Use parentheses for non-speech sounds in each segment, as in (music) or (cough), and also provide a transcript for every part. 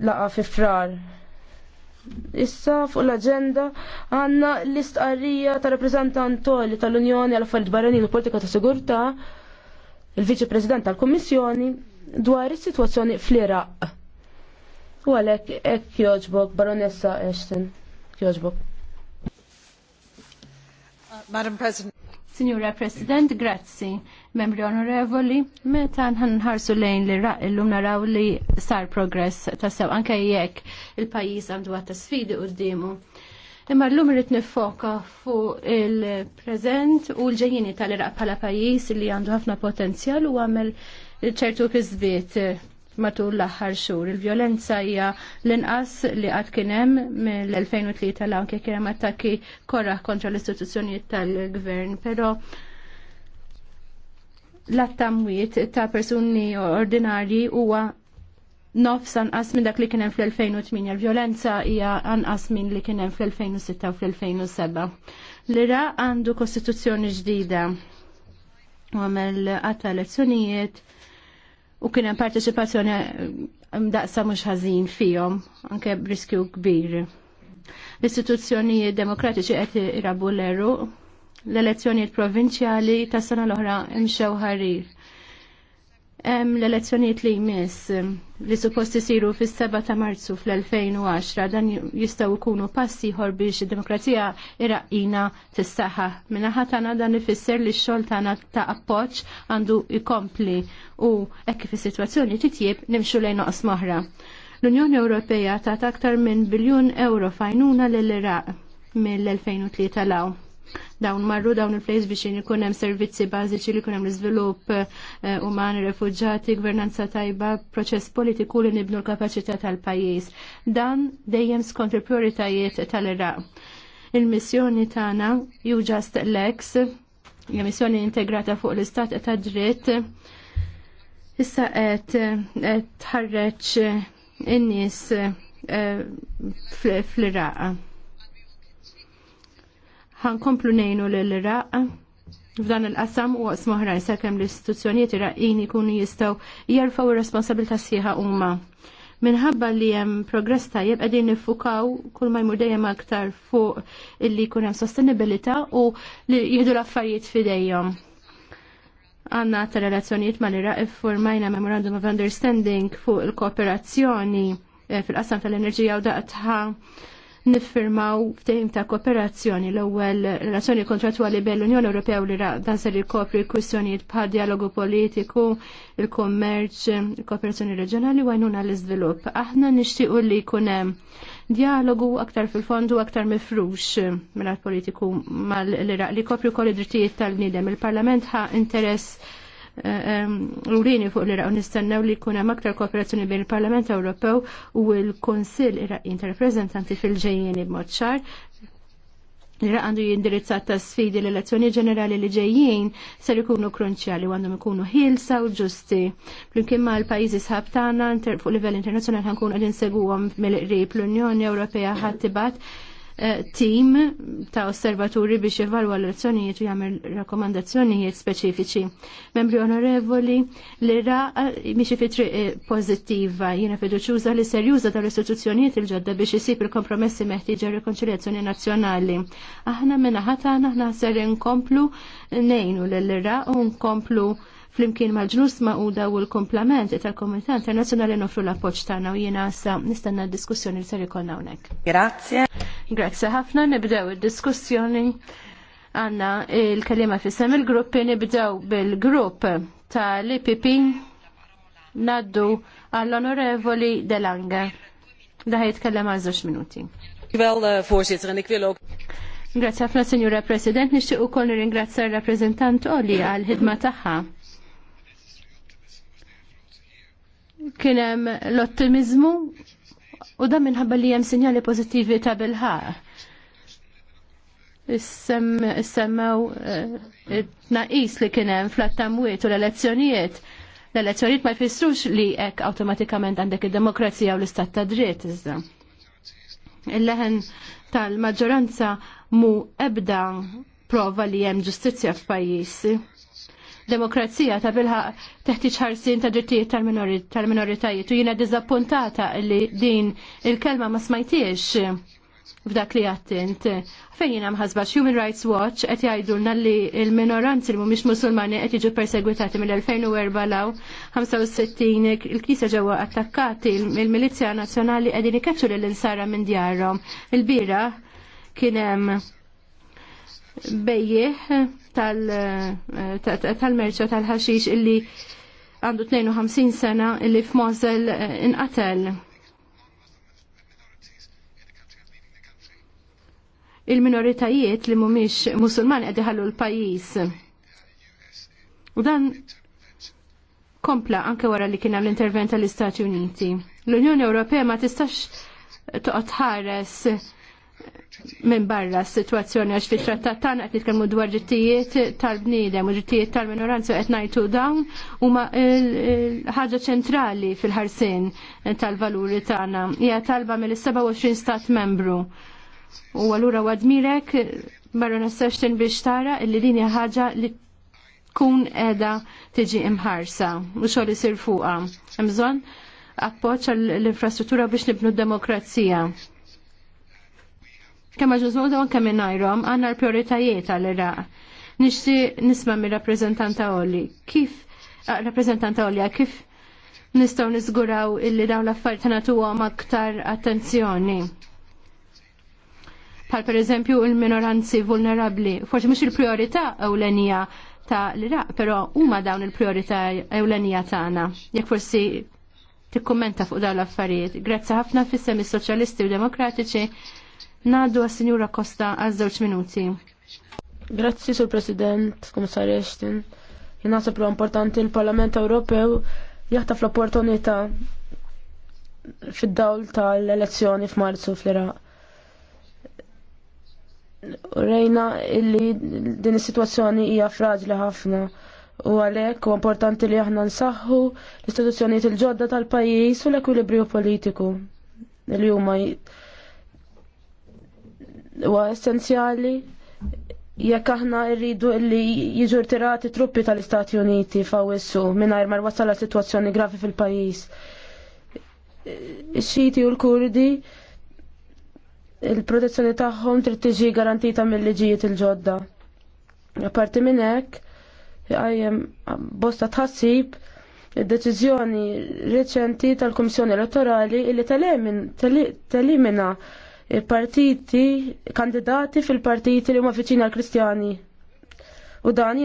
laqa fi frar. Issa fuq l-agenda għanna l-istqarrija ta' rappresentantoli tal-Unjoni għal affarijiet barranin u politika ta' sigurtà il-Viċi President tal-Kummissjoni dwar is-sitwazzjoni fl-Iraq. U għalhekk hekk jogħġbok Baronessa Ashton. Jogħġbok. Madam President. Signora President, grazzi. Membri onorevoli, meta nħarsu lejn li illum naraw li sar progress ta' sew. anke jekk il-pajjiż għandu għatta sfidi quddiemu. Imma llum rrit nifoka fuq il-preżent u l-ġejjini tal-Iraq bħala pajjiż li għandu ħafna potenzjal u għamel ċertu kizbiet matul l-aħħar xhur. Il-vjolenza hija l-inqas li qatt kien hemm mill-2003 l anke kien hemm attakki korraħ kontra l-istituzzjonijiet tal-gvern, però l-attamwiet ta' persuni ordinarji huwa nofs anqas minn dak li kien hemm fl-2008, il-vjolenza hija anqas minn li kien hemm fl-2006 u fl-2007. L-Ira għandu kostituzzjoni ġdida u għamel għatta elezzjonijiet u kien hemm partecipazzjoni eh, mdaqsa mhux ħażin fihom anke b'riskju kbir. L-istituzzjonijiet demokratiċi qed irabu l-eru l-elezzjonijiet provinċjali tas sena l-oħra imxew ħarir l-elezzjoniet li jmiss li suppost isiru fis-7 ta' Marzu fl-2010 dan jistgħu jkunu passi ħor biex id-demokrazija iraqina tissaħħa. Minaħa tagħna dan ifisser li x-xogħol tagħna ta' appoġġ għandu jkompli u hekk kif is-sitwazzjoni titjieb nimxu lejn noqos moħra. L-Unjoni Ewropea ta' aktar minn biljun euro fajnuna lill-Iraq mill-2003 law dawn marru dawn il-flejs biex ikun hemm servizzi bażiċi li jkun hemm l-iżvilupp eh, uman, refuġġati, gvernanza tajba, proċess politiku li nibnu l-kapaċità tal-pajjiż. Dan dejjem skont il-prioritajiet tal-Iraq. Il-missjoni tagħna ju just lex, hija missjoni integrata fuq l-istat ta' dritt. Issa qed eh, tħarreġ in-nies eh, fl-Iraq ħankomplu nejnu l-Iraq f'dan il-qasam u qasmu maħra sakemm l-istituzzjonijiet iraqini jkunu jistgħu jerfgħu ir-responsabilità sħiħa huma. Minħabba li hemm progress tajjeb qegħdin nifukaw kull ma jmur dejjem aktar fuq illi jkun hemm sostenibilità u li jihdu l-affarijiet f'idejhom. Għanna ta' relazzjonijiet mal-Iraq formajna Memorandum of Understanding fuq il-kooperazzjoni eh, fil-qasam tal-enerġija u daqtħa niffirmaw ftehim ta' kooperazzjoni l-ewwel relazzjoni kontratwali bejn l-Unjoni Ewropea u li dan ser jkopri kwistjonijiet bħal dialogu politiku, il-kummerċ, il-kooperazzjoni reġjonali u għajnuna l-iżvilupp. Aħna nixtiequ li jkun hemm dialogu aktar fil-fondu aktar mifrux mill-politiku mal-Iraq li kopri wkoll id-drittijiet tal-nidem. Il-Parlament ħa interess Eh, eh, urini fuq l raqqa nistennew li jkun hemm aktar kooperazzjoni bejn il-Parlament Ewropew u l-Kunsill Iraqin ta' Rappreżentanti fil-ġejjieni b'mod ċar Iraq għandu jindirizzat ta' sfidi l-elezzjoni ġenerali li ġejjin ser ikunu kronċjali u għandhom ikunu ħilsa u ġusti. Flimkien ma' l-pajjiżi sħab tagħna fuq livell internazzjonali ħankun qegħdin seguhom mill-qrib l-Unjoni Ewropea ħadd tibgħat tim ta' osservaturi biex jivalwa l azzjonijiet u jagħmel rakkomandazzjonijiet speċifiċi. Membri onorevoli, li ra miexi fi triq eh, pożittiva jiena fiduċuża li serjuża tal-istituzzjonijiet il-ġodda biex isib il-kompromessi meħtieġa r-rikonċiljazzjoni nazzjonali. Aħna minna ħatana aħna ser inkomplu nejnu l-ra u nkomplu flimkien mal-ġnus ma' u l-komplement tal-Komunità Internazzjonali nofru l-appoġġ tagħna u jiena sa nistenna d-diskussjoni li ser ikollna hawnhekk. Grazie. Grazie ħafna nibdew id-diskussjoni għanna il-kalima fissem il-gruppi nibdew bil-grupp tal-IPP naddu għall-onorevoli Delanga. Daħi jitkellem għal żewġ minuti. Wel, forsitra, eh, en ik Grazie ħafna, Signora President. Nixtieq ukoll nirringrazzja r-rappreżentant Oli għal ħidma tagħha. kienem l-ottimizmu u da minħabba li jem sinjali pozittivi ta' bilħaq. it eh, tnaqis li kienem fl-attamwiet u l-elezzjonijiet. L-elezzjonijiet ma jfissrux li ek automatikament għandek id-demokrazija u l-istat ta' dritt iżda. Il-leħen tal-maġġoranza mu ebda prova li jem ġustizja f'pajjiżi demokrazija ta' bilħa teħtieġ ħarsin ta' drittijiet tal-minoritajiet u jiena dizappuntata li din il-kelma ma smajtiex f'dak li għattint. Fejn jiena mħasba Human Rights Watch qed jgħidulna li l-minoranzi li mhumiex Musulmani qed jiġu persegwitati mill-2004 law 65 il-Knisja ġewwa attakkati il-Milizja Nazzjonali qegħdin ikaċċu lill-insara minn djarhom. Il-bira kien hemm bejjeħ tal-merċa tal-ħaxix illi għandu 52 sena illi f'Mosel eh, inqatel. Il-minoritajiet li mumiex musulman qed iħallu l-pajjiż. U dan kompla anke wara li kien hemm l-intervent tal-Istati Uniti. L-Unjoni Ewropea ma tistax toqgħod ħares minn barra s-situazzjoni għax fit trattat tagħna qed nitkellmu dwar ġittijiet tal-bniedem u ġittijiet tal-minoranza qed ngħidu dawn huma ħaġa ċentrali fil-ħarsien tal-valuri tagħna. Hija talba mill-27 stat membru. U allura wadmirek barra Sexton biex tara illi din ħaġa li tkun qiegħda tiġi imħarsa u xogħol isir fuqha. Hemm bżonn appoġġ l-infrastruttura biex nibnu d-demokrazija kemm ġużmudu anke minnajrom għandna l-prioritajiet għall-Iraq. Nixti nisma mir rappreżentanta Olli. Kif rappreżentanta Olja kif nistgħu niżguraw illi dawn l-affarijiet nagħtuhom aktar attenzjoni. Pal per eżempju il-minoranzi vulnerabli, forsi mhux il priorita ewlenija ta' l-Iraq, però huma dawn il priorita ewlenija tagħna. Jekk forsi tikkummenta fuq dawn l-affarijiet. Grazzi ħafna fis-semi soċjalisti u demokratiċi Nadu għas-Sinjura Kosta għal żewġ minuti. Grazzi, Sur President, Komissar Eshtin. Jena sabru importanti l-Parlament Ewropew jaħtaf l-opportunità fid-dawl tal-elezzjoni f'Marzu fl-Iraq. Rejna illi din is-sitwazzjoni hija fraġli ħafna u għalhekk u importanti li aħna nsaħħu l-istituzzjonijiet il-ġodda tal-pajjiż u l-ekwilibrju politiku li huma huwa essenzjali jekk aħna rridu li jiġu tirati truppi tal-Istati Uniti fawissu mingħajr ma wasala sitwazzjoni gravi fil-pajjiż. Ix-Xiti u l-Kurdi il-protezzjoni tagħhom trid tiġi garantita mill-liġijiet il-ġodda. Apparti minn hekk għajjem bosta tħassib id-deċiżjoni reċenti tal-Kummissjoni Elettorali li telimina partiti, kandidati fil-partiti li huma viċini għal kristjani. U dan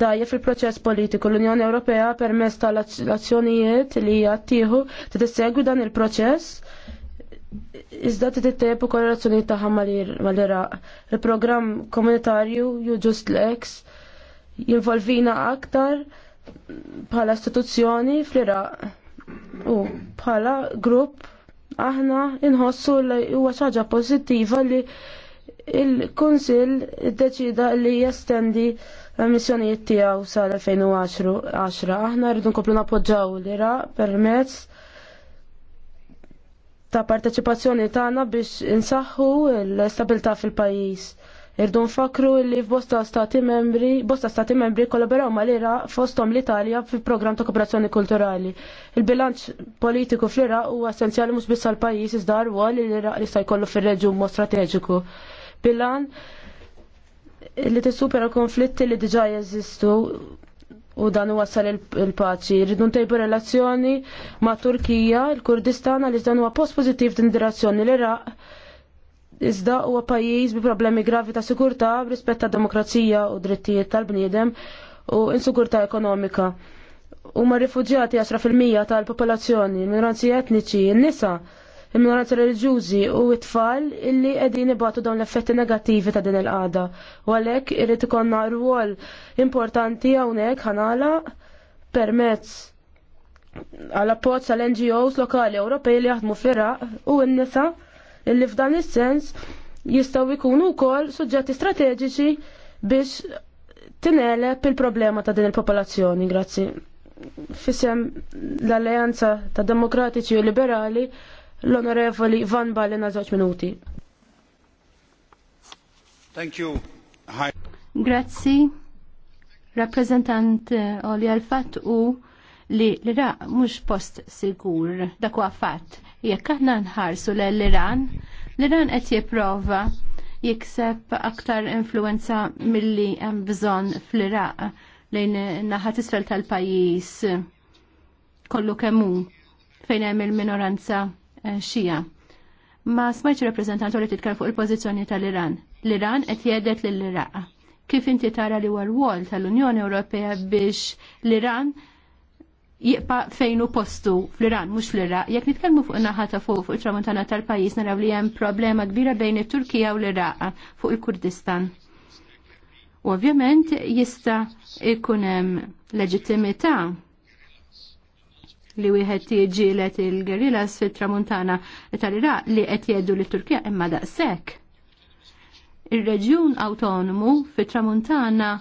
dajja fil-proċess politiku. L-Unjoni Ewropea permezz tal-azzjonijiet li hija tieħu titissegwi dan il-proċess Iżda t tittejb u korrelazzjoni taħħa mal-Iraq. Il-programm komunitarju ju just l-ex jinvolvina aktar bħala istituzzjoni fl-Iraq u bħala grupp aħna inħossu li huwa ħaġa pożittiva li il-Kunsil iddeċida li jestendi l-missjonijiet tiegħu sal-2010. Aħna rridu nkomplu nappoġġaw lira permezz ta' parteċipazzjoni tagħna biex insaħħu l istabilità fil-pajjiż Irdu fakru li f'bosta stati membri, bosta stati membri kollaboraw mal-Iraq fostom l-Italja fi program ta' kooperazzjoni kulturali. Il-bilanċ politiku fl-Iraq huwa essenzjali mhux biss l pajjiż iżda u li l ira li sta jkollu fir-reġjun mod strateġiku. Bilan li t-supera konflitti li diġa' jeżistu u dan u għassal il-paċi. Rridu ntejbu relazzjoni ma' Turkija, il-Kurdistan, għal dan huwa post pożittiv din direzzjoni l-Iraq Iżda huwa pajjiż bi problemi gravi ta' sigurtà b'rispett ta' demokrazija u drittijiet tal-bniedem u insigurtà ekonomika. Huma rifuġjati mija tal-popolazzjoni, minoranzi etniċi, n-nisa, il-minoranzi reliġjużi u t-tfal illi qegħdin ibatu dawn l-effetti negattivi ta' din il-qagħda. U għalhekk irid ikollna rwol importanti hawnhekk ħanala permezz għal appoġġ tal-NGOs lokali Ewropej li jaħdmu fira u n-nisa illi f'dan is-sens jistgħu jkunu wkoll suġġetti strateġiċi biex tinelep il-problema ta' din il-popolazzjoni. Grazzi. Fisem l-Alleanza ta' Demokratiċi u Liberali l-Onorevoli Van Balen għal żewġ minuti. Thank you. Hi. Grazzi. Rappresentant eh, Oli Alfat u li l-Iraq mhux post sigur dak huwa fatt. Jekk aħna nħarsu l iran l-Iran qed jipprova jikseb aktar influenza milli hemm bżonn fl-Iraq lejn naħa isfel tal-pajjiż kollu kemm hu fejn hemm il-minoranza xija. Eh, Ma smajċ rappresentantu li titkar fuq il-pożizzjoni tal-Iran. L-Iran qed jedet lill-Iraq kif inti tara li war wol tal-Unjoni Ewropea biex l-Iran jiqpa u postu fl-Iran, mux fl-Iraq. Jek nitkellmu fuq naħata fuq fuq il-tramuntana tal-pajis naraw li hemm problema kbira bejn it-Turkija u l-Iraq fuq il-Kurdistan. U ovvjament jista' ikun hemm leġittimità li wieħed jiġilet il-gerilas fit-tramuntana tal-Iraq li qed jgħidu l Turkija imma daqshekk. Ir-reġjun awtonomu fit-tramuntana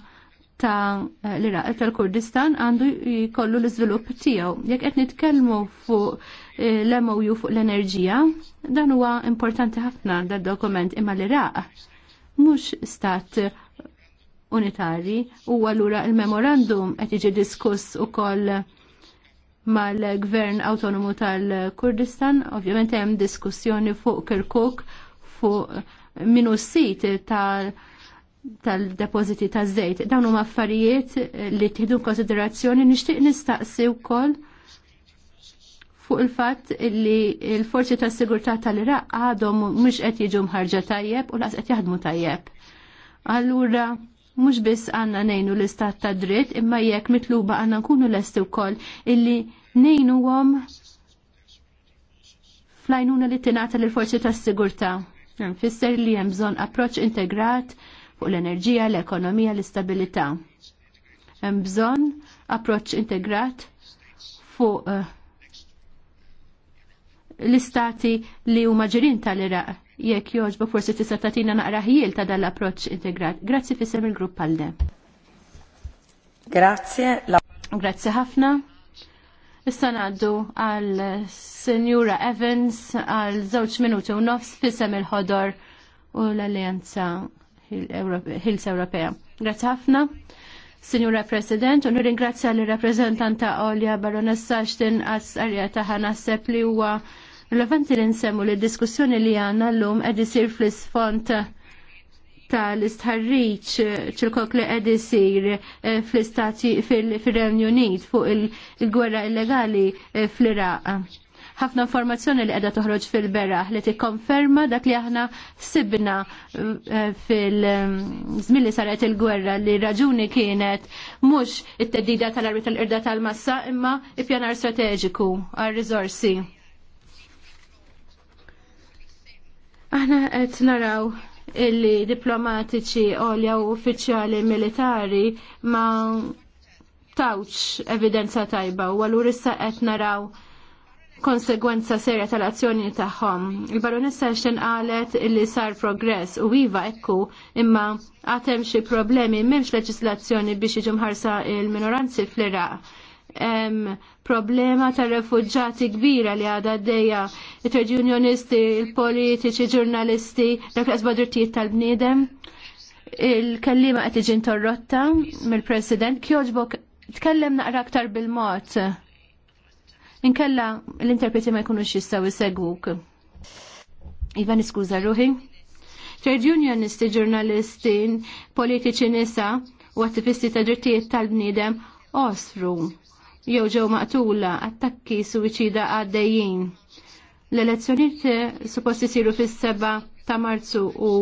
ta' l-Iraq tal-Kurdistan għandu jkollu l-iżvilupp tiegħu. Jekk qed nitkellmu fuq eh, l-MOU fuq l-enerġija, dan huwa importanti ħafna dal dokument imma l-Iraq mhux stat unitari u allura il-memorandum qed jiġi diskuss ukoll mal-Gvern Autonomu tal-Kurdistan, ovvjament hemm diskussjoni fuq Kirkuk fuq minu s-sit tal- tal-depoziti ta' żejt. Dawn huma affarijiet eh, li tieħdu konsiderazzjoni nixtieq nistaqsi wkoll fuq il-fatt li l-forzi tas sigurtà tal-Iraq għadhom mhux qed jiġu mħarġa tajjeb u laqas qed jaħdmu tajjeb. Allura mhux biss għandna ngħinu l-istat ta' dritt imma jekk mitluba għandna nkunu lesti wkoll illi ngħinuhom flajnuna li tingħata lill forzi tas sigurtà Fisser li hemm bżonn approċċ integrat fuq l-enerġija, l-ekonomija, l-istabilità. Hemm bżonn approċċ integrat fuq eh, l-istati li huma ġirin tal-Iraq jekk jogħġbu forsi tista' tagħtina naqra ħiel ta' dan l-approċċ integrat. Grazzi fisem il-grupp għal Grazie. Grazzi ħafna. Issa ngħaddu għal Senjura Evans għal żewġ minuti u nofs fisem il-ħodor u l-Alleanza Hills Ewropea. Grazzi ħafna. Signora President, u ringrazio l rappresentanta Olja Baronessa Ashton għas-arja Tahana naħseb li huwa relevanti li nsemmu li diskussjoni li għanna l-lum għed isir fl-isfont tal-istħarriċ ċirkok li għed sir eh, fl-istati fil-Renju Unit fuq il-gwerra illegali eh, fl-Iraq ħafna informazzjoni li qiegħda toħroġ fil-beraħ li tikkonferma dak li aħna sibna eh, fil-żmien eh, li saret il-gwerra li raġuni kienet mhux it-teddida tal-arbit tal-irda tal-massa imma ippjanar strateġiku għar-riżorsi. Aħna qed naraw illi diplomatiċi olja u uffiċjali militari ma tawx evidenza tajba u għallur issa qed naraw konsegwenza serja tal-azzjoni tagħhom. Il-baronessa xen qalet li sar progress u iva ekku imma għatem xi problemi m'hemmx leġislazzjoni biex jiġu mħarsa il-minoranzi fl-Iraq um, problema ta' refugġati kbira li għada d-deja, il-trade unionisti, il-politiċi, ġurnalisti, dak l drittijiet tal-bnidem. Il-kellima qed tiġi interrotta mill-President Kjoġbok tkellem naqra aktar bil-mod. Inkella l-interpreti ma jkunux jistaw jisegwuk. Iva niskuża ruħi. Trade unionisti, ġurnalisti, politiċi nisa u attivisti ta' drittijiet tal-bniedem osfru jew ġew maqtula attakki suwiċida għaddejjin. L-elezzjoniet supposti siru fis-seba ta' Marzu u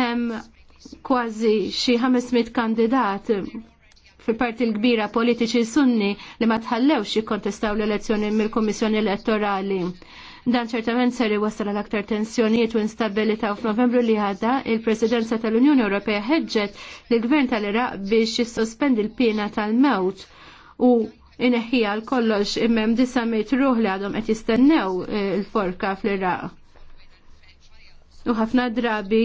hemm kważi xi 500 kandidat fil-parti l-kbira politiċi sunni li ma tħallewx jikkontestaw l-elezzjoni mill-Kommissjoni Elettorali. Dan ċertament seri wasal l aktar tensjonijiet u instabilità f'Novembru li għadda il-Presidenza tal-Unjoni Ewropea ħeġġet li gvern tal-Iraq biex jissospendi l-pina tal-mewt u ineħħija l kollox immem disa ruħ li għadhom qed jistennew eh, il-forka fl-Iraq. U ħafna drabi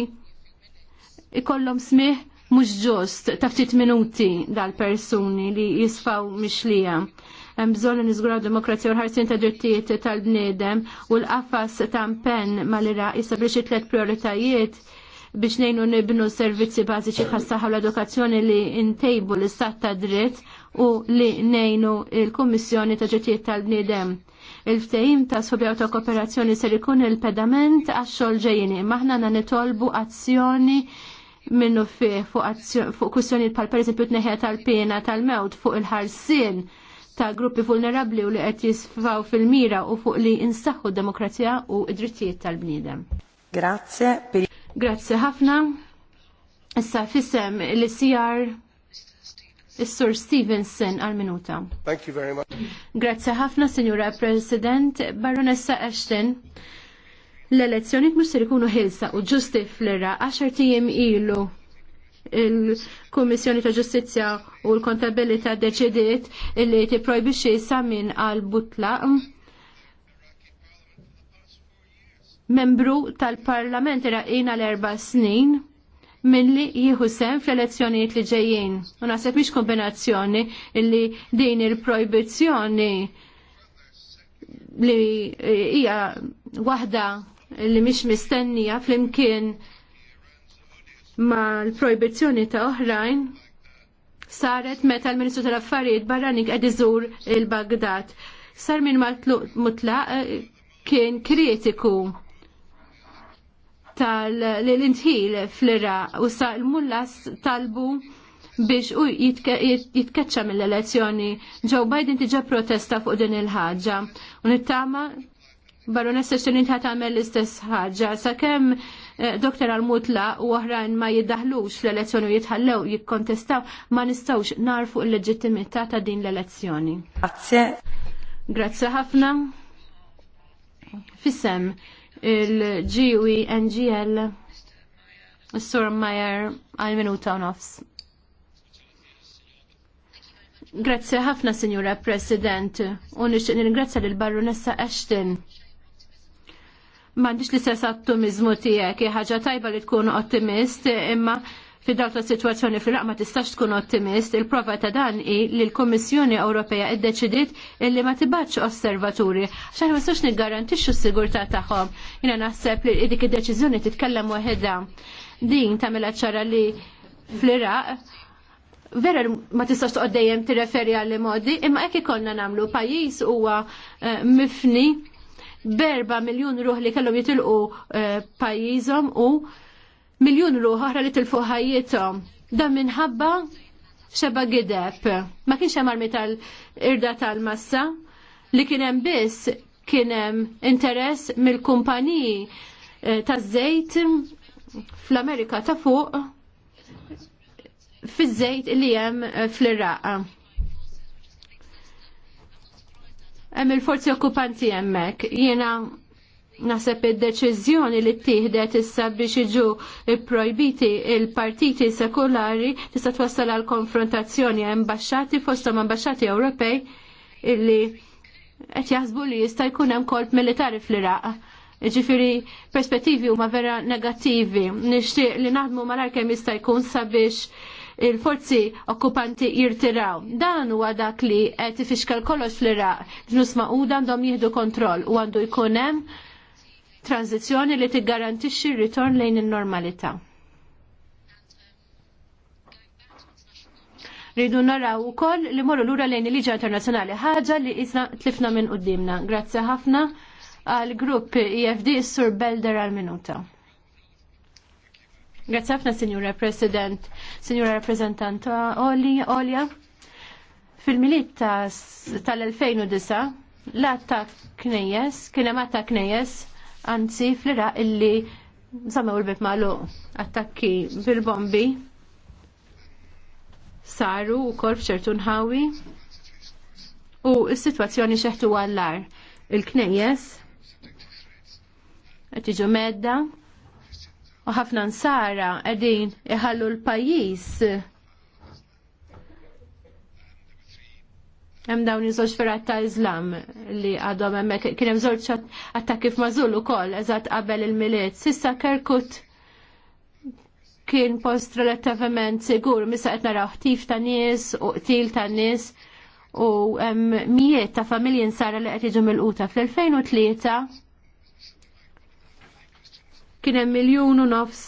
ikollhom smih mhux ġust ta' ftit minuti dal-persuni li jisfaw mixlija. Hemm bżonn niżguraw demokrazija u ħarsien ta' drittijiet tal-bniedem u l-qafas ta' pen mal-Iraq jistabrixi tliet prioritajiet biex nejnu nibnu servizzi bażiċi tas-saħħa l-edukazzjoni li ntejbu l-istat ta' dritt u li nejnu il-Kummissjoni ta' drittijiet tal-Bniedem. Il-ftehim ta' sobjaw ta' kooperazzjoni ser ikun il-pedament għax xogħol ġejjini. Maħna na nitolbu azzjoni minnu fi fuq kwistjonijiet pal pereżempju t-neħja tal-pena tal-mewt fuq il-ħarsien ta' gruppi vulnerabli u li qed jisfaw fil-mira u fuq li insaħħu d-demokrazija u d-drittijiet tal-bniedem. Grazie. Grazie ħafna. Issa fissem l-CR Is-Sur Stevenson għal-minuta. Thank you very much. Grazie ħafna, Signora President, Baronessa Ashton l-elezzjoni mhux ser ikunu hilsa u ġusti fl-ira għaxar tijem ilu il-Kummissjoni ta' Ġustizzja u l-Kontabilità deċidiet li projbixi samin għal butla membru tal-Parlament raqina l-erba' snin milli jieħu sem fl-elezzjonijiet li ġejjin. U naħseb mhix kombinazzjoni illi din il-projbizzjoni li hija waħda li mhix mistennija flimkien ma l-projbizzjoni ta' oħrajn saret meta l-Ministru tal-Affarijiet barranik qed iżur il-Bagdad. Sar minn mutlaq eh, kien kritiku tal-intħil fl-Iraq u sa' l-mullas talbu biex u jitkeċċa mill-elezzjoni. Joe Biden tiġa protesta fuq din il-ħaġa u nittama Baronessa Xenin ta' għamel l-istess ħagġa, sa' kem eh, doktor Almutla u oħrajn ma jiddaħlux l-elezzjoni u jitħallew jikkontestaw, ma nistawx narfu il leġittimità ta' din l-elezzjoni. Grazie. Grazie ħafna. Fissem il-GUI e NGL Sur Mayer għal minuta u nofs. Grazie ħafna, Signora President, u nixtieq ningrazzja lill Baronessa Ashton M'għandix l-istess ottimizmu tiegħek, ħaġa tajba li tkun ottimist, imma fid-dawl ta' situazzjoni fil ma tistax tkun ottimist, il-prova ta' dan hi li l-Kommissjoni Ewropea id-deċidit illi ma tibatx osservaturi, xaħna ma sax niggarantixxu s-sigurtà tagħhom. Jina naħseb li dik id-deċiżjoni titkellem waħedha. Din tagħmilha ċara li fl-Iraq vera ma tistax toqgħod dejjem għal li modi, imma ekki ikollna nagħmlu pajjiż huwa eh, mifni berba miljon ruħ li kellhom jitilqu eh, pajjiżhom u miljun ruħ oħra li tilfu ħajjithom. Dan minħabba xeba gideb. Ma kienx hemm armi tal-irda tal-massa li kien hemm biss kien hemm interess mill-kumpaniji eh, taż-żejt fl-Amerika ta' fuq fiż-żejt li hemm eh, fl-Iraq hemm il-forzi okkupanti hemmhekk. Jiena naħseb id-deċiżjoni li ttieħdet issa biex iġu projbiti il-partiti sekulari tista' twassal għal konfrontazzjoni ambasċati fosthom ambasċati Ewropej illi qed jaħsbu li jista' jkun hemm kolp militari fl-Iraq. Ġifiri, perspettivi huma vera negattivi. Nixtieq li naħdmu malar kemm jista' jkun sabiex il-forzi okkupanti jirtiraw. Dan huwa dak li qed ifixkal kollox fl-Iraq. Ġnus maquda għandhom jieħdu kontroll u għandu jkun hemm tranzizzjoni li tiggarantixxi r-ritorn lejn in-normalità. Rridu naraw ukoll li morru lura lejn il liġa internazzjonali ħaġa li isna tlifna minn qudiemna. Grazzi ħafna għal grupp EFD Sur Belder għal minuta. Grazie ħafna, Signora President, Signora Rappresentante Oli, Fil-miliet tal-2009, l-atta kien kienem atta knejes, anzi fl-iraq illi zammew il-bib malu attakki bil-bombi saru u kol fċertu nħawi u s-situazzjoni xeħtu għallar il-knejjes għetiġu medda u ħafna nsara qegħdin iħallu l-pajjiż. Hemm dawn iż-żewġ ferat ta' Iżlam li għadhom hemmhekk kien hemm żewġ attakki f'Mażul ukoll eżatt qabel il-miliet. Sissa Kerkut kien post relattivament sigur misa qed naraw ħtif ta' nies u qtil ta' nies u mijiet ta' familji nsara li qed jiġu mill fl-2003 kien hemm miljun u nofs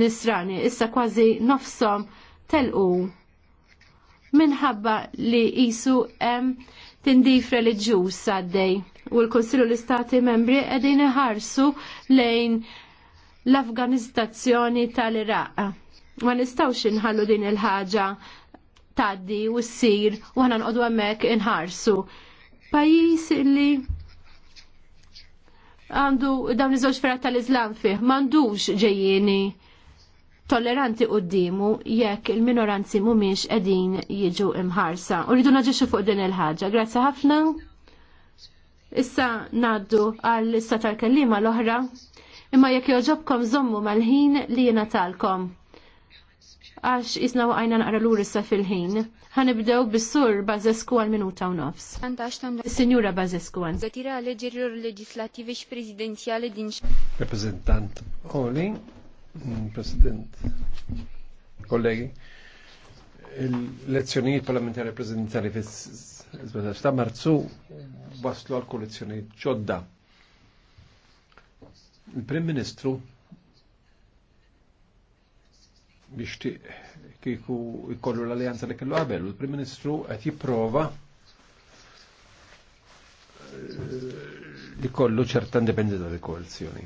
nisrani, issa kważi nofsom telqu minħabba li jisu hemm tindif reliġjuż għaddej u l-Konsilu l-Istati membri qegħdin iħarsu lejn l-Afganizzazzjoni tal-Iraq. Ma nistawx inħallu din il-ħaġa taddi u ssir u ħana nqodu hemmhekk inħarsu. Pajis li għandu dawn iż-żewġ ferat tal-Islam fih, m'għandux ġejjieni tolleranti qoddimu jekk il-minoranzi mhumiex qegħdin jiġu imħarsa. U rridu naġixxu fuq din il-ħaġa. Grazzi ħafna. Issa ngħaddu għall issa tal-kellima l-oħra. Imma jekk joġobkom żommu mal-ħin li jingħatalkom għax isna għajna naqra l issa fil-ħin. Ħanibdew bis-sur Bazesku għal minuta u nofs. Signora Bazesku għan. Zatira leġerjur leġislativi x prezidenziali din. Reprezentant Oli, mm, President, kollegi, il-lezzjonijiet parlamentari reprezentali fis-17 ta' marzu waslu għal kollezzjonijiet ġodda. Il-Prim Ministru biex kiku jkollu l-alleanza li kellu qabel u l-Prim Ministru qed jipprova eh, li kollu ċerta indipendenza li koalizjoni.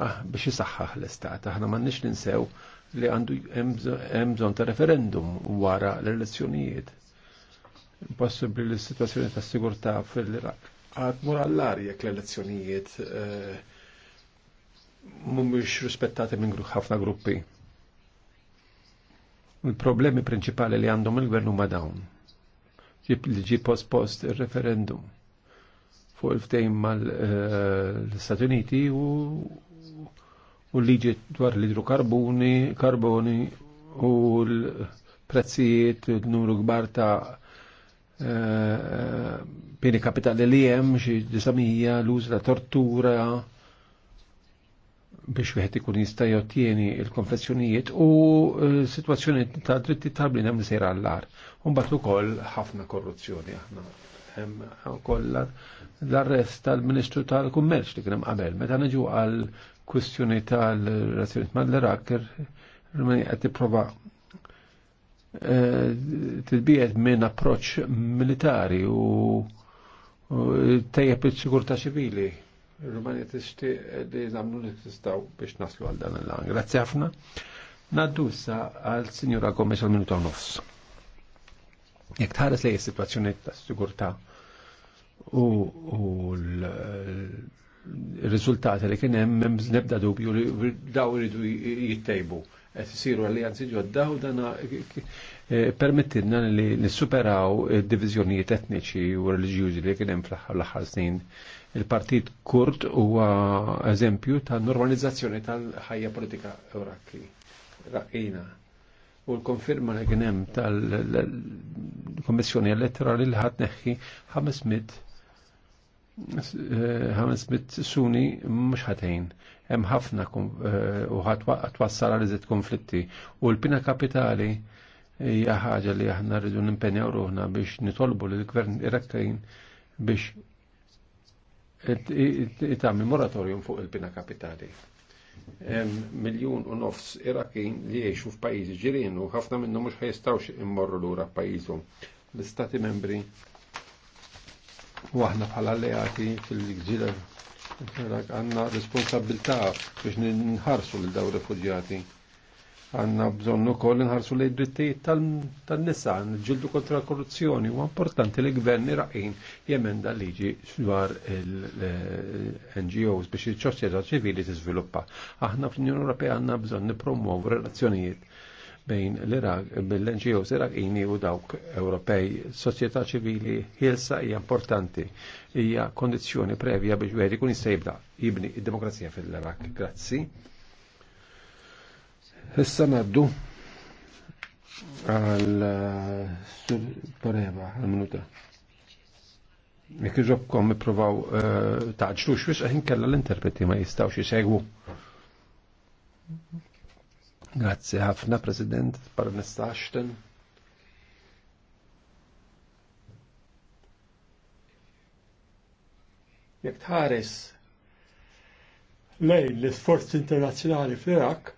Ah, biex jisaxħaħ l-istat, aħna m'għandniex ninsew li għandu hemm bżonn ta' referendum wara l-elezzjonijiet. Impossibbli l sitwazzjoni ta' sigurtà fil-Iraq għad għall-arja l-elezzjonijiet eh, mhumiex rispettati minn ħafna gruppi. Il-problemi principali li għandhom il-gvern huma dawn. Li ġi post-post il-referendum fuq il-ftejn mal-Stati Uniti u l-liġi dwar l-idrokarboni, karboni u l-prezzijiet, l-numru gbar ta' eh, pieni kapitali li jem, xie disamija, l-użra tortura, biex wieħed ikun jista' jottieni l konfessjonijiet u eh, situazzjoni ta' dritti tal hemm li sejra għall-ar. Mbagħad ukoll ħafna korruzzjoni aħna. Hemm ukoll l-arrest tal-Ministru tal-Kummerċ li kien hemm qabel. Meta niġu għal kwistjoni tal-relazzjonijiet mal-Irak, Rumanija qed tipprova eh, tilbiet minn approċċ militari u tejjeb il-sigurtà ċivili Rumani t-ixti li jizamlu li t-istaw biex naslu għal dan l lan Grazie għafna. Naddu issa għal signora Gomes għal minuta nofs. Jek tħares li jessituazzjoni ta' sigurta u l rizultati li kienem hemm nebda dubju li daw ridu jittajbu. Qed għalli għanzi ġodda u dana eh, permettilna li nissuperaw divizjonijiet etniċi u religjuzi li kienem fl-aħħar snin Il-partit kurt huwa eżempju ta' normalizzazzjoni tal-ħajja politika Iraki. Iraqina. U l-konfirma li kien hemm tal-Kommissjoni Elettorali li ħadd neħħi 500 eh, suni mhux ħatejn. Hemm ħafna eh, u ħatwassal għal iżid konflitti. U l-pina kapitali hija ħaġa li aħna rridu nimpenjaw ruħna biex nitolbu lill gvern Irakkajn biex it-tammi moratorium fuq il bina kapitali. Miljon u nofs Irakin li jiexu f'pajizi ġirin u ħafna minnu mux ħajistawx immorru l-ura f'pajizu. L-istati membri u għahna bħala alleati fil-gżira għanna responsabilta biex nħarsu l-daw refugjati għanna bżonnu koll nħarsu lej dritti tal-nisa, ġildu kontra korruzzjoni, u importanti li gvern iraqin jemenda liġi dwar il-NGOs biex il-ċoċċetà ċivili tiżviluppa. Aħna fl-Unjoni Ewropea għanna bżonn nipromuovu relazzjonijiet bejn l-Iraq, bil-NGOs iraqini u dawk Ewropej. Soċjetà ċivili ħilsa hija importanti, hija kondizzjoni previa biex wieħed ikun jista' jibni id-demokrazija fil-Iraq. Grazzi. Issa naddu għal eh, sur għal minuta. Jek iġobkom iprovaw eh, taġlu xwis għin kella l-interpreti ma xie segwu. Grazie ħafna, President, Parmessa Ashton. Jek tħares lejn l-isforzi internazjonali fl-Irak,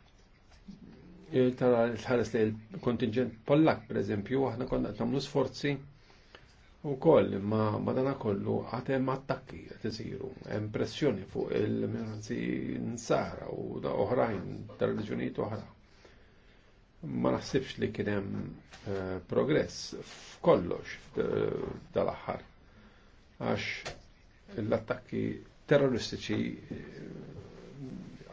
tara l-ħares li l-kontingent Pollak, per eżempju, għahna konna għamlu sforzi u koll, ma madana kollu għatem attakki għat isiru, impressjoni fuq il n-sara u da oħrajn, ta' reġunijiet oħra. Ma naħsibx li kienem eh, progress f'kollox eh, dal-axħar, għax l-attakki terroristiċi eh,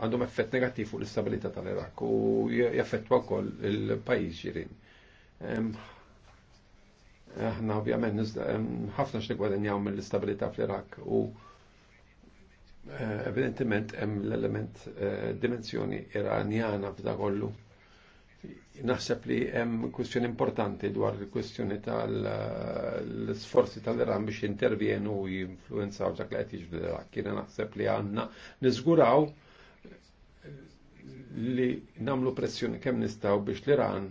għandhom effett negattiv fuq l-istabilità tal-Iraq u jaffettwa wkoll il-pajjiż ġirin. Aħna ovvjament ħafna x'nigwadenjaw mill-istabilità fl-Iraq u eh, evidentiment hemm l-element eh, dimensjoni iranjana f'da kollu. Naħseb li hemm kwistjoni importanti dwar il-kwistjoni tal-sforzi tal-Iran biex jintervjenu u jinfluenzaw dak li qed jiġri Kien naħseb li għandna niżguraw li namlu pressjoni kemm nistaw biex l-Iran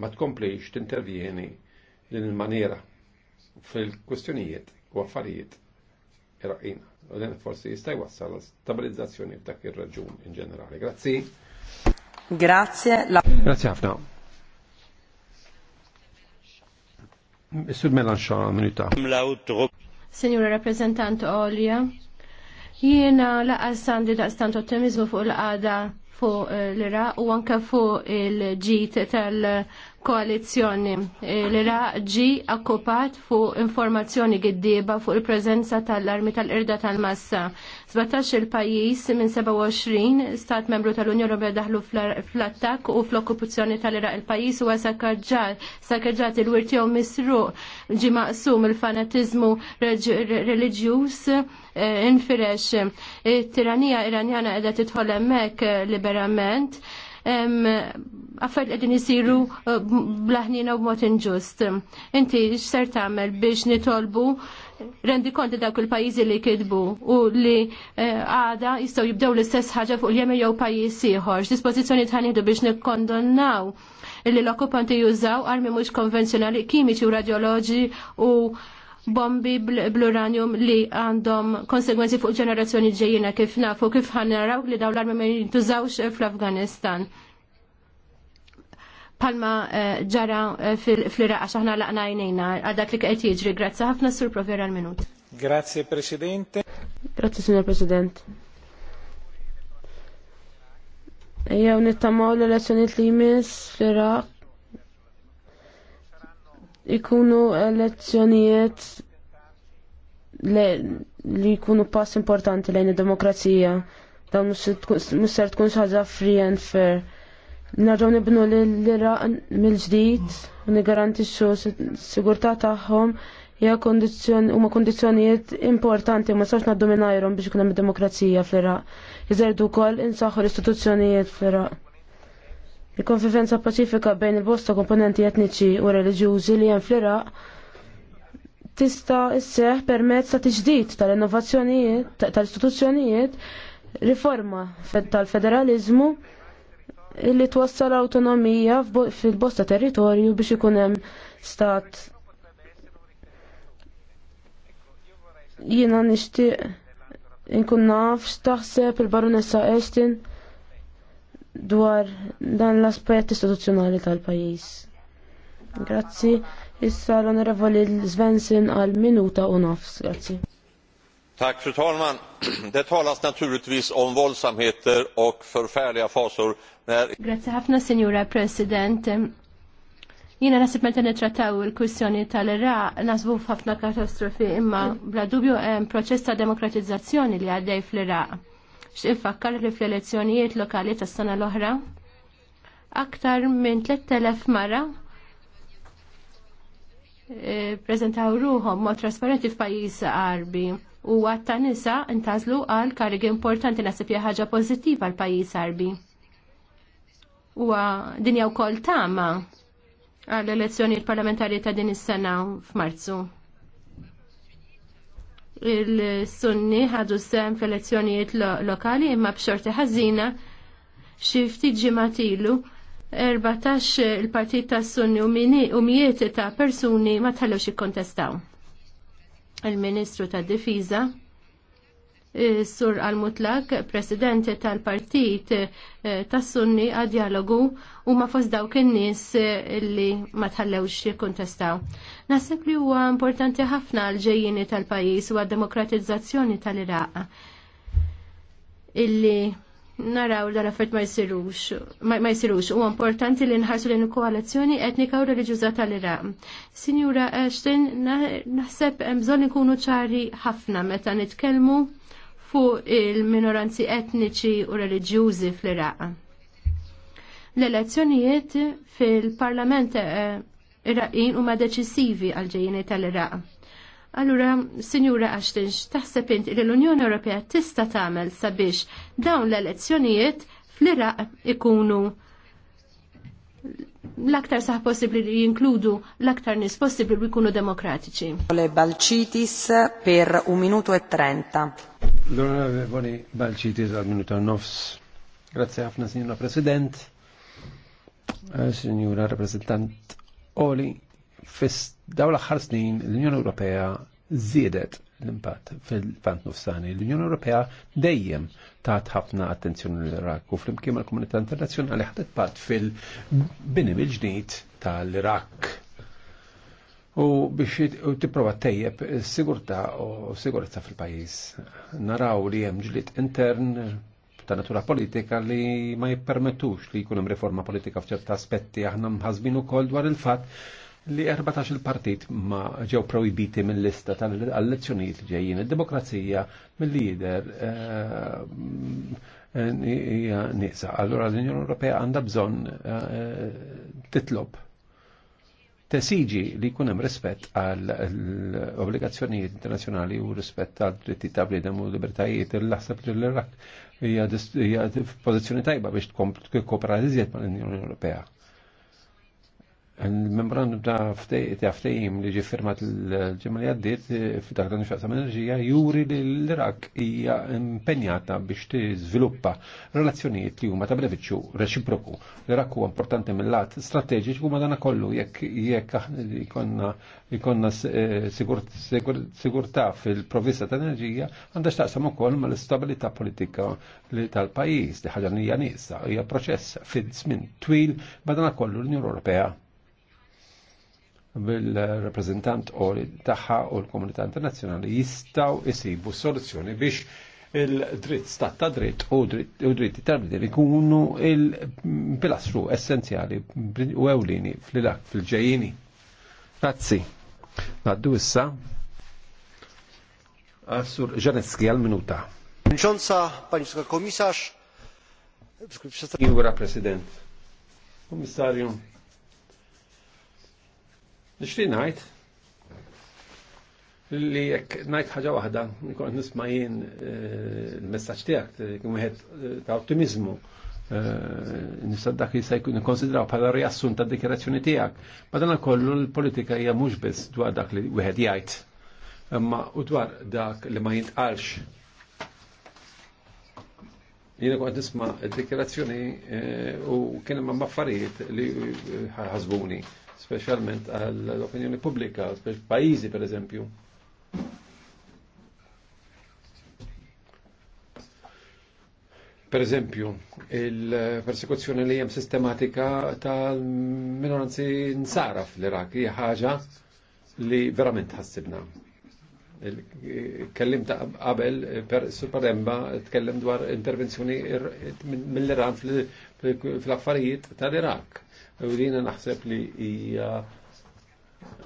ma tkomplix t-intervjeni l maniera fil-kwestjonijiet u affarijiet iraqina. U dan forsi jistaj wassal stabilizzazzjoni f'dak ir-raġun in ġenerali. Grazzi. Grazie. La... Grazie ħafna. Sur Melanxa minuta. Signora rappresentante Olia, jiena laqas sandi daqstant ottimizmu fuq l-qada fuq eh, l-Iraq u anke fuq il-ġit tal- koalizjoni l-Iraq ġi akkupat fuq informazzjoni giddiba fuq il-preżenza tal-armi tal-irda tal-massa. 17 il-pajis minn 27 stat membru tal-Unjoni Europea daħlu fl-attak u fl-okkupazzjoni tal-Iraq il-pajis huwa sakkarġat il-wirti u misruq ġi maqsum il-fanatizmu reliġjuż eh, infirex. It-tiranija iranjana qiegħda tidħol hemmhekk eh, liberament li qegħdin isiru eh, blaħnina u b'mod inġust. Inti x'ser tagħmel biex nitolbu rendi konti dak il-pajjiżi li kidbu u li eh, għada jistgħu jibdew l-istess ħaġa fuq il-Jemen jew pajjiż ieħor. Dispożizzjoni tħanidu biex nikkondonnaw li l okupanti jużaw armi mhux konvenzjonali kimiċi u radioloġi u bombi bl-uranium li għandhom konsegwenzi fuq ġenerazzjoni ġejjina kif nafu kif ħanaraw li dawn l-armi ma jintużawx fl-Afganistan. Palma eh, ġara eh, fl-Iraq għax aħna laqna jnejna għal dak li qed jiġri. Grazzi ħafna sur provera l-minut. Grazie Presidente. Grazie Signor President. Ejja nittamaw l-elezzjoniet li jmiss fl-Iraq ikunu elezzjonijiet li jkunu pass importanti lejn id-demokrazija. Dan mhux se tkun ħaġa free and fair. Nerġgħu nibnu l-Iraq mill-ġdid u nigarantixxu s-sigurtà tagħhom hija kondizzjoni huma kondizzjonijiet importanti ma sarx naddu minn biex ikun hemm demokrazija fl-Iraq. Iżerdu wkoll insaħħu l-istituzzjonijiet fl-Iraq. Il-konvivenza paċifika bejn il-bosta komponenti etniċi u reliġjużi li hemm fl-Iraq tista' isseħ permezz ta' tiġdid tal-innovazzjonijiet tal-istituzzjonijiet riforma tal-federalizmu illi twassal autonomija fil-bosta territorju biex ikun hemm stat. Jiena nixtieq inkun naf x'taħseb il-Baronessa Ashton dwar dan l-aspett istituzzjonali tal-pajjiż. Grazzi, issa l-onorevoli Svensson għal minuta u nofs. Grazzi. Tack fru talman. (clears throat) Det talas naturligtvis om våldsamheter och förfärliga fasor när... Grazie ħafna, signora president. Jina nasib meta nitrattaw il-kwistjoni tal-Iraq nasbu ħafna katastrofi imma bla dubju hemm proċess ta' demokratizzazzjoni li għaddej fl-Iraq. X'infakkar li fl-elezzjonijiet lokali tas-sena l-oħra aktar minn 3000 mara eh, prezentaw ruhom mod trasparenti f'pajjiż qarbi u għatta nisa intazlu għal karigi importanti nasib ħaġa pożittiva għal pajjiż arbi. U dinja wkoll tama għall elezzjoni parlamentari ta' din is-sena f'Marzu il-sunni ħadu sem f'elezzjonijiet lo lokali imma b'xorti ħażina xi ftit ġimatilu 14 il-partit tas sunni u mijiet ta' persuni ma tħallux ikkontestaw. Il-Ministru tad Difiża Eh, Sur Al-Mutlak, president tal-partit eh, tas-Sunni għad-dialogu u ma fost dawk in-nies eh, li ma tħallewx kontestaw. Naħseb li huwa importanti ħafna l-ġejjini tal-pajjiż u għad-demokratizzazzjoni tal-Iraq illi naraw dan affert ma jsirux, ma jsirux, u importanti li nħarsu l koalazzjoni etnika u reliġjuża tal-Iraq. Sinjura Ashton, naħseb bżonn ikunu ċari ħafna meta nitkellmu fuq il-minoranzi etniċi u reliġjużi fl-Iraq. L-elezzjonijiet fil-Parlament eh, Iraqin huma deċisivi għal ġejjini tal-Iraq. Allura, Sinjura Ashton, taħseb int li l-Unjoni Ewropea tista' tagħmel sabiex dawn l-elezzjonijiet fl-Iraq ikunu l-aktar saħ possibli li jinkludu l-aktar nis possibli li jkunu demokratiċi. Le Balcitis per un minuto e trenta. l Balcitis al minuto e nofs. Grazie ħafna, signora President, eh, signora Representant Oli, fis dawla ħarsnin, snin l-Unjoni Ewropea ziedet l impat fil-pant nofsani. L-Unjoni Ewropea dejjem tat ħafna attenzjoni l-Iraq u flimkien mal-komunità internazzjonali ħadet part fil-bini il ġdid tal-Iraq. U biex tipprova tejjeb sigurtà u sigurezza fil-pajjiż. Naraw li hemm ġlied intern ta' natura politika li ma jippermettux li jkun hemm politika f'ċerta aspetti aħna mħasbin ukoll dwar il-fatt li 14 il-partit ma ġew projbiti mill-lista tal-elezzjonijiet li ġejjin. Id-demokrazija mill-lider eh, eh, hija nieqsa. Allura l-Unjoni Ewropea għandha bżonn eh, titlob tesiġi li jkun hemm rispett għal obbligazzjonijiet internazzjonali u rispett għal dritti ta' bliedem u libertajiet il-laħseb li l-Irak hija pożizzjoni tajba biex tkopra iżjed mal-Unjoni Ewropea. Il-memorandum ta' ftejim li ġi firmat l ġemali li għaddit eh, f'dak dan xaqsam enerġija juri li l-Irak hija impenjata biex tiżviluppa relazzjonijiet li huma ta' benefiċċju reċiproku. L-Irak huwa importanti mill-lat strateġiku ma dan kollu jekk jekk ikonna ikonna eh, sigurtà fil-provvista ta' enerġija għandha x'taqsam ukoll mal-istabilità politika tal-pajjiż li ħaġa hija nieqsa hija proċess fid żmien twil madana kollu l-Unjoni Ewropea bil-reprezentant u taħħa u l-komunità internazjonali jistaw isibu soluzzjoni biex il-dritt stat ta' dritt u dritt tal-bidel ikunu il-pilastru essenzjali u ewlini fil-lak fil-ġejjini. Grazzi. Naddu issa. Assur Ġaneski għal-minuta. Ġonza, Panisra Komisarz. Jura President. Komissarju. Nixtieq najt, li jek najt ħaġa wahda, nikon nisma jien eh, il-messaċ tijak, eh, wieħed eh, ta' optimizmu, nisa dak jisaj jkun konsidraw pala riassun ta' dikjerazzjoni tijak. ma Madana kollu l-politika hija mhux biss dwar dak li wieħed jgħid. Imma u dwar dak li ma jintqalx. Jiena kont nisma' d-dikjerazzjoni u kien hemm affarijiet li ħasbuni. Uh, specialment għall-opinjoni pubblika, pajizi per eżempju. Per eżempju, il-persekuzzjoni eh, li jem sistematika tal-minoranzi nsara fl-Iraq, hija ħaġa li verament ħassibna. Eh, kellim ta' qabel eh, per Superemba tkellem dwar intervenzjoni mill-Iran fl-affarijiet tal-Iraq u naħseb li hija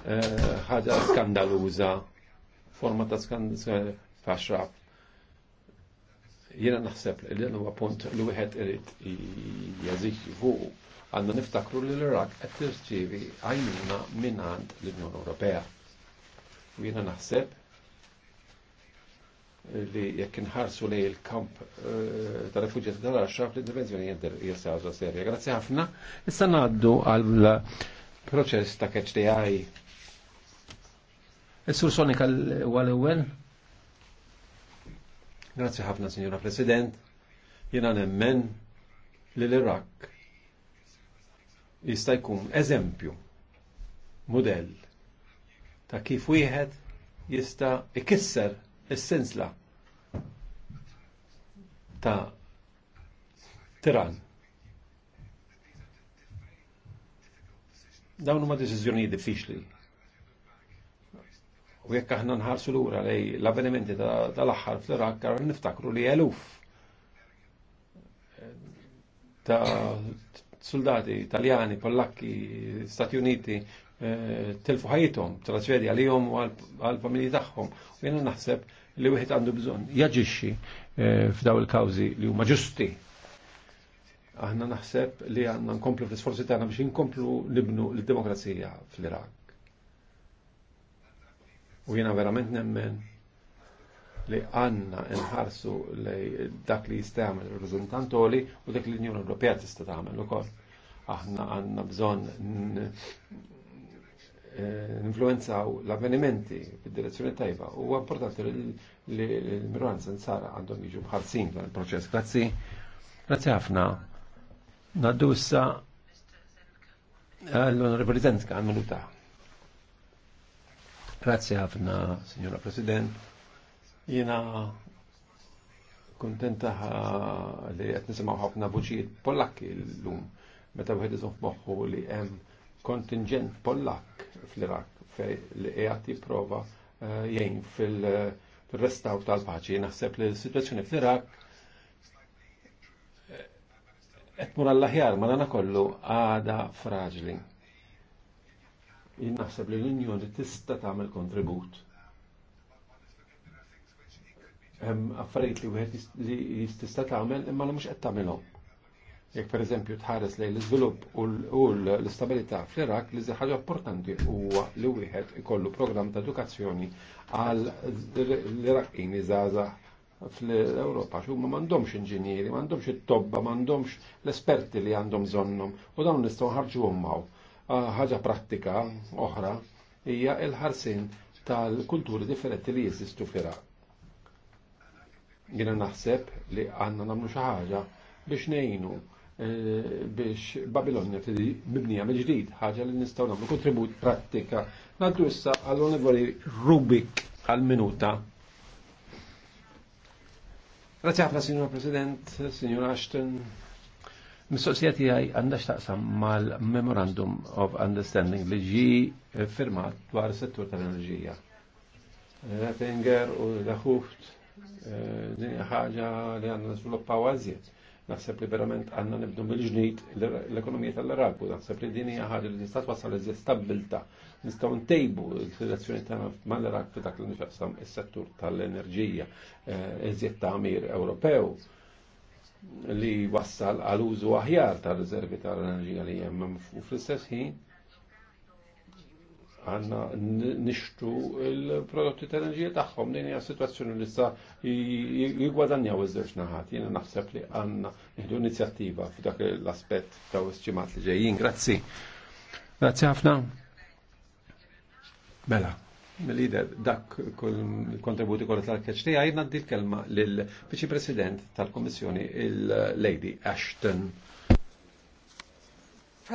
eh, ħaġa skandaluża, forma ta' skandaluża faxraf. Jena naħseb li dan huwa punt li wieħed irid jażik fuq għandna niftakru li l-Irak qed tirċievi għajnuna minn għand l-Unjoni Ewropea. U jiena naħseb li jekk inħarsu lej il-kamp eh, ta' refugjati tal-Arxaf fl intervenzjoni jender jirsaħġa serja. Grazzi ħafna. Issa naddu għal proċess ta' KHDI. Is-sur Sonik għal-ewwel. Grazzi ħafna, Signora President. Jena nemmen li l-Irak jista' jkun eżempju, modell ta' kif wieħed jista' ikisser is ta' tiran. Dawn huma deċiżjonijiet diffiċli. U jekk aħna nħarsu lura lej l-avvenimenti tal-aħħar fl-Iraq għar niftakru li eluf ta' soldati italjani, pollakki, Stati Uniti Eh, telfu ħajjithom, traġedja għalihom u għall-familji tagħhom. U jena naħseb li wieħed għandu bżonn jaġixxi eh, f'daw il-kawżi li huma ġusti. Aħna naħseb li għandna nkomplu fl-isforzi tagħna biex inkomplu nibnu l-demokrazija fl-Iraq. U jiena verament nemmen li għanna nħarsu li dak li jistamil il-rizultantoli u dak li l-Unjoni Ewropea tista' tagħmel ukoll aħna għandna bżonn influenzaw l-avvenimenti bid-direzzjoni tajba. U importanti li l-minoranza nsara għandhom jiġu bħalsin dan il-proċess. Grazzi. Grazzi ħafna. Naddu issa l-onorevoli għan minuta. Grazzi ħafna, signora President. Jena kontenta li għet nisimaw ħafna voċijiet pollakki l-lum meta wieħed għedizom moħħu li hemm kontingent Pollak fl-Irak fej li għati prova eh, jgħin fil-restaw tal-paċi. Naħseb li situazzjoni fl-Irak eh, qed mur all-aħjar ma nagħna kollu għada fraġli. Jien naħseb li l-Unjoni tista' tagħmel kontribut hemm affarijiet li wieħed li tista' tagħmel imma l mhux qed tagħmilhom jekk per eżempju tħares lejn l-iżvilupp u l-istabilità fl-Irak li ħaġa importanti huwa li wieħed ikollu programm ta' edukazzjoni għal l-Iraqini żgħażagħ fl-Ewropa xi ma m'għandhomx inġinieri, m'għandhomx it-tobba, m'għandhomx l-esperti li għandhom żonnhom u dawn nistgħu ħarġuhom maw. Ah, ħaġa prattika oħra hija l-ħarsin tal-kulturi differenti li jeżistu fl Jiena naħseb li għandna nagħmlu xi ħaġa biex ngħinu Eh, biex Babilonja tidi mibnija mill ġdid ħaġa li nistgħu nagħmlu kontribut pratika. Naddu issa għall-Onorevoli Rubik għal-minuta. Grazie ħafna, Signor President, Signor Ashton. Mis-soqsija tiegħi għandha x'taqsam mal-Memorandum of Understanding li ġi firmat dwar settur tal-enerġija. Rettinger eh, u l-ħuft eh, din ħaġa li għandna sviluppaw għażjed. Naħseb li verament għanna nibdu mill-ġnit l-ekonomija tal-Arabu, naħseb li din hija ħaġa li tista' wasal iżjed stabilta. Nistgħu ntejbu l-relazzjoni tagħna mal-Arab fi dak li nixaqsam is-settur tal-enerġija, eh, iżjed ta' Amir Ewropew li wassal għal użu aħjar tal rezervi tal-enerġija li hemm u fl-istess ħin għanna nishtu il-prodotti t enerġija tagħhom din hija situazzjoni li sa jigwadanjaw iż-żewġ naħat. Jiena naħseb li għandna nieħdu inizjattiva f'dak l-aspett ta' wisċimat li ġejjin. Grazzi. Grazzi ħafna. Bella. Mill-lider, dak kontributi kollu tal-keċ li għajna d-dil kelma l-Viċi President tal-Komissjoni, il-Lady Ashton. Uh,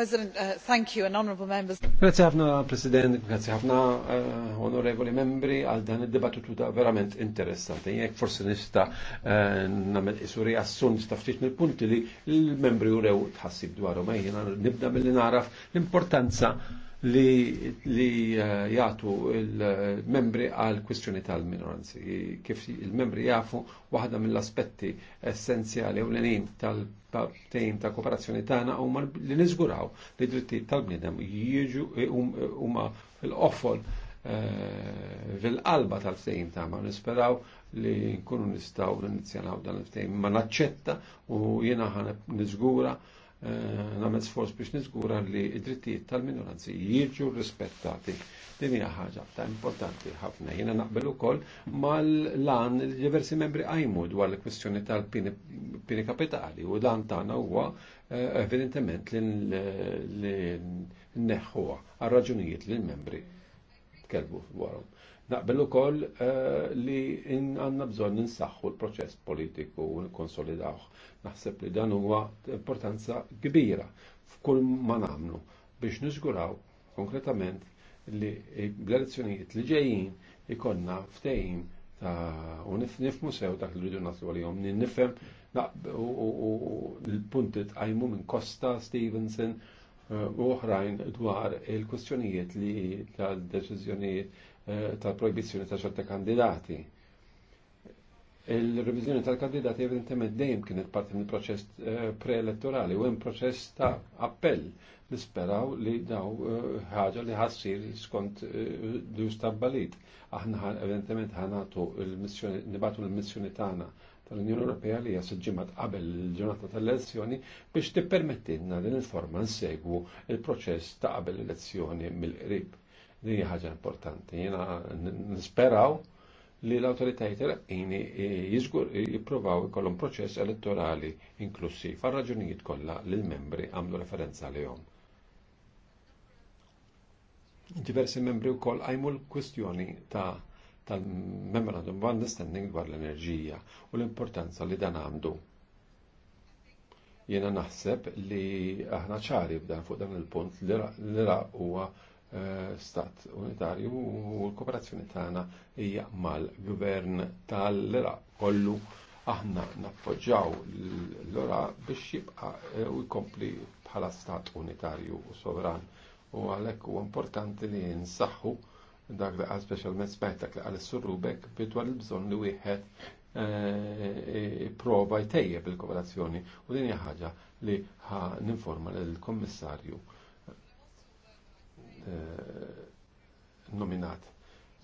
grazie ħafna President, grazie ħafna uh, onorevoli membri għal dan id-dibattitu ta' verament interessanti. Jek forse nista uh, namel isuri assun nista ftit mill-punti li l-membri urew tħassib dwarhom. Ma jiena nibda mill naraf l-importanza li, li eh, jgħatu il-membri għal kwistjoni tal-minoranzi. Kif il-membri jafu waħda mill-aspetti essenzjali u l-enin tal-tejn ta' kooperazzjoni tagħna huma li niżguraw li dritti tal-bniedem jiġu eh, um, huma fil offol eh, fil-qalba tal-ftejn ta' ma' nisperaw li nkunu nistaw l-inizjanaw dan il-ftejn ma' naċċetta u jena ħana nizgura Eh, nagħmel sforz biex nizgura li id-drittijiet tal-minoranzi jirġu rispettati. Din hija ħaġa ta' importanti ħafna. Jiena naqbel ukoll mal-lan li diversi membri għajmu dwar l-kwestjoni tal-pini kapitali u dan tagħna huwa eh, evidentement li neħħuha għal raġunijiet li l-membri tkellbu dwarhom. Naqbel ukoll eh, li għandna bżonn ninsaħħu l-proċess politiku u nkonsolidawh. Naħseb li dan huwa importanza kbira f'kull ma nagħmlu biex niżguraw konkretament li bl-elezzjonijiet li ġejjin ikonna ftehim ta' u nifmu sew dak li rridu naslu għalihom nifhem u l puntit għajmu minn Costa Stevenson eh, u oħrajn dwar il-kwestjonijiet li tal-deċiżjonijiet eh, tal-projbizzjoni ta' ċerta kandidati Il-revizjoni tal-kandidati evidentement dejjem kienet parti mill proċess eh, preelettorali u hemm proċess ta' appell nisperaw li daw eh, ħaġa li ħassir skont du eh, stabbalit. Aħna evidentement ħanatu l missjoni nibatu l-missjoni tagħna tal-Unjoni Ewropea li hija ġimgħat qabel il-ġurnata tal-elezzjoni biex tippermettilna li forma nsegwu il-proċess ta' qabel l-elezzjoni mill-qrib. Din hija ħaġa importanti. Jiena nisperaw li l-autoritajiet iraqqini eh, jizgur eh, jippruvaw ikollhom proċess elettorali inklusiv għal raġunijiet kollha li l-membri għamlu referenza għalihom. Diversi membri wkoll għajmu l-kwistjoni ta' tal-memorandum of understanding dwar l-enerġija u l-importanza li dan għandu. Jena naħseb li aħna ċari b'dan fuq dan il-punt li raq huwa Eh, stat unitarju u l-kooperazzjoni tagħna hija mal-gvern tal-Iraq kollu aħna nappoġġaw l-ora biex jibqa' eh, u jkompli bħala stat unitarju u sovran. U għalhekk huwa importanti li nsaħħu dak li għal speċjalment spajt li għal surrubek bidwar il-bżonn li wieħed eh, prova jtejjeb il-kooperazzjoni u din hija ħaġa li ninforma lill-Kommissarju Eh, nominat.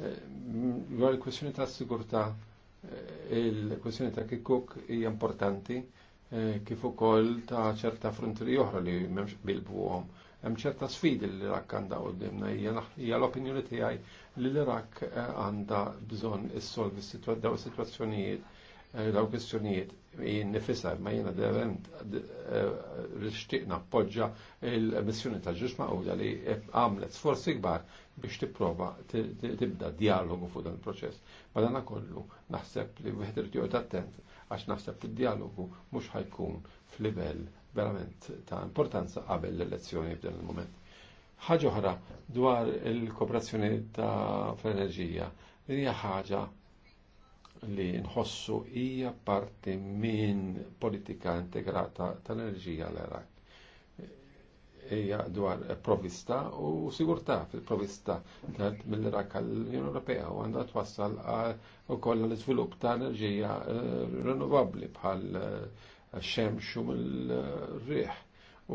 Għal eh, kwestjoni ta' sigurta, eh, e il-kwestjoni ta' kikuk hija importanti kif ukoll ta' ċerta frontri oħra li memx bilbu għom. Hemm ċerta sfidi li l-Irak għandha qudiemna hija l-opinjoni tiegħi li l-Irak għandha bżonn issolvi daw is-sitwazzjonijiet Eh, daw kwistjonijiet jien ma jiena verament eh, rixtieq nappoġġa il-missjoni ta' ġuż u li għamlet sforzi kbar biex tipprova tibda dialogu fuq dan il-proċess. dan kollu naħseb li wieħed irid attent għax naħseb li dialogu mhux ħajkun f'livell verament ta' importanza qabel l-elezzjoni f'dan il-moment. Ħaġa oħra dwar il-kooperazzjoni ta' fl-enerġija hija ħaġa li nħossu hija parti minn politika integrata tal-enerġija l-Iraq. Hija dwar provista u sigurtà fil-provista mill-Iraq għall-Unjoni Ewropea u għandha twassal ukoll l-iżvilupp ta' enerġija eh, rinnovabbli bħal eh, xemx u mill-riħ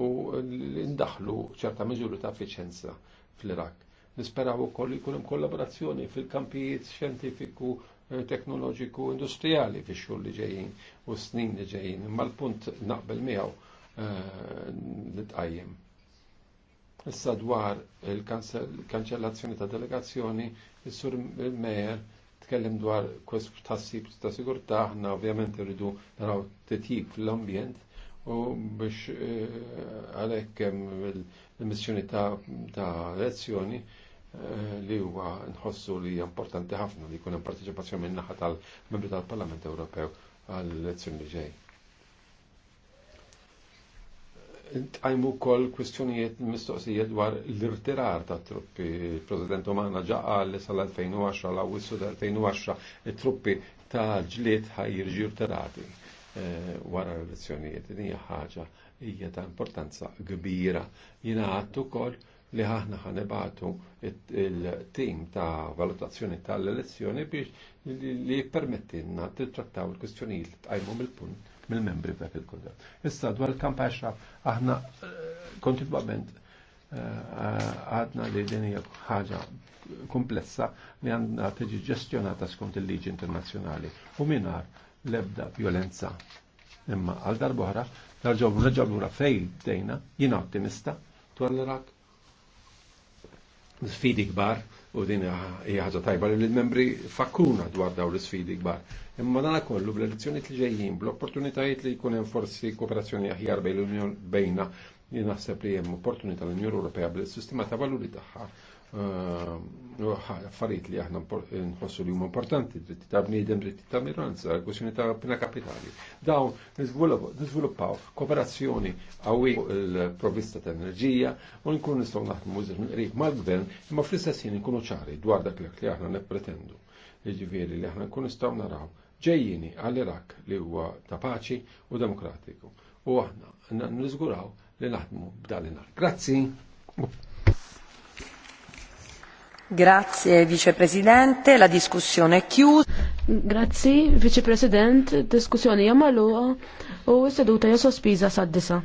u ndaħlu ċerta miżuri ta' effiċenza fl-Iraq nisperaw ukoll jkun hemm kollaborazzjoni fil-kampijiet xjentifiku Eh, teknoloġiku industrijali fi xhur li ġejjin u snin li ġejjin, imma l-punt naqbel miegħu eh, li tqajjem. Issa dwar il-kanċellazzjoni ta' delegazzjoni, is-sur il-mejer tkellem dwar kwest tassib ta' sigurtà, aħna ovvjament irridu naraw titjib fl-ambjent u biex eh, għalhekk hemm il-missjoni ta' elezzjoni Eh, li huwa nħossu li importanti ħafna li jkun hemm partecipazzjoni minn naħa tal-membri tal-Parlament Ewropew għall elezzjoni li ġej. Tqajmu wkoll kwistjonijiet mistoqsijiet dwar l-irtirar ta' truppi. Il-President Omana ġaqa li sal-2010 l-awissu tal-2010 it-truppi ta' ġlied ħajirġi irtirati eh, wara l-elezzjonijiet. Din hija ħaġa hija ta' importanza kbira. Jina għattu ukoll li ħahna ħanibatu il-tim ta' valutazzjoni tal-elezzjoni biex li permettinna titrattaw il-kwestjonijiet li tqajmu mill-punt mill-membri f'dak il-kodra. Issa dwar il-kamp aħna eh, kontinuament eh, għadna li din hija ħaġa komplessa li għandna tiġi ġestjonata skont il-liġi internazzjonali u minar lebda violenza. Imma għal darbohra, nerġaw nerġaw lura fej dejna, jina ottimista, dwar l-Irak sfidi kbar u din jgħazza tajba li l-membri fakkuna dwar daw l-sfidi kbar. Imma dan kollu bl-elezzjoni li ġejjin, bl-opportunitajiet li jkun hemm forsi kooperazzjoni aħjar bejn l-Unjon bejna li naħseb li hemm opportunità l unjon Ewropea bl-sistema ta' valuri tagħha Eh, affarijiet li aħna nħossu li huma importanti, dritti ta' bniedem, dritti ta' Miranza, kwestjoni ta' pina kapitali. Dawn niżviluppaw kooperazzjoni għawi l-provvista ta' enerġija u nkunu nistgħu naħdmu qrib mal-gvern imma fl-istess jien nkunu ċari dwar dak li aħna nippretendu. Jiġifieri li aħna nkun nistgħu naraw ġejjini għall-Irak li huwa ta' paċi u demokratiku. U aħna nizguraw li naħdmu b'dalinar. Grazzi. Grazie Vicepresidente, la diskussjoni è chiusa. Grazzi u s-seduta jasospiża sospesa disa